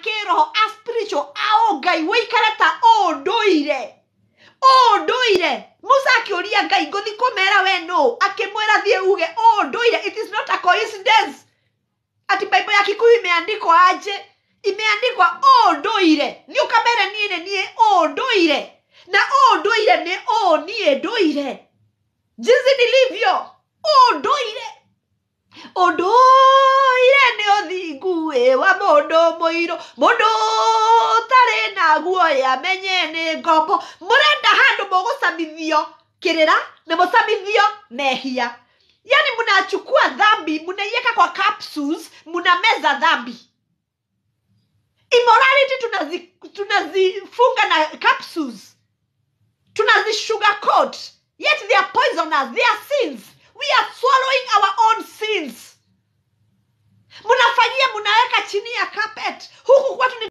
akeroho a spiritual aongai wikare ta unduire unduire musa akiuria ngai nguthi kumera we no akimwira thie uge unduire it is not a coincidence ati bible ya kikuyu imeandikwa aje imeandikwa unduire ni ukamere nie ni nie unduire na unduire ni uu nie nduire jinsi nilivyo unduire unduire thuthuĩ wa mundu muiro mundu tare na guo ya menye ni ngombo murenda handu mũgũcamithio kirira ni mũcamithio mehia yani munachukua dhambi munaiweka kwa capsules mnameza dhambi immorality tunazi, tunazifunga na capsules tunazishuga coat yet they are poisonous they are sins Martini a carpet. Who, who, what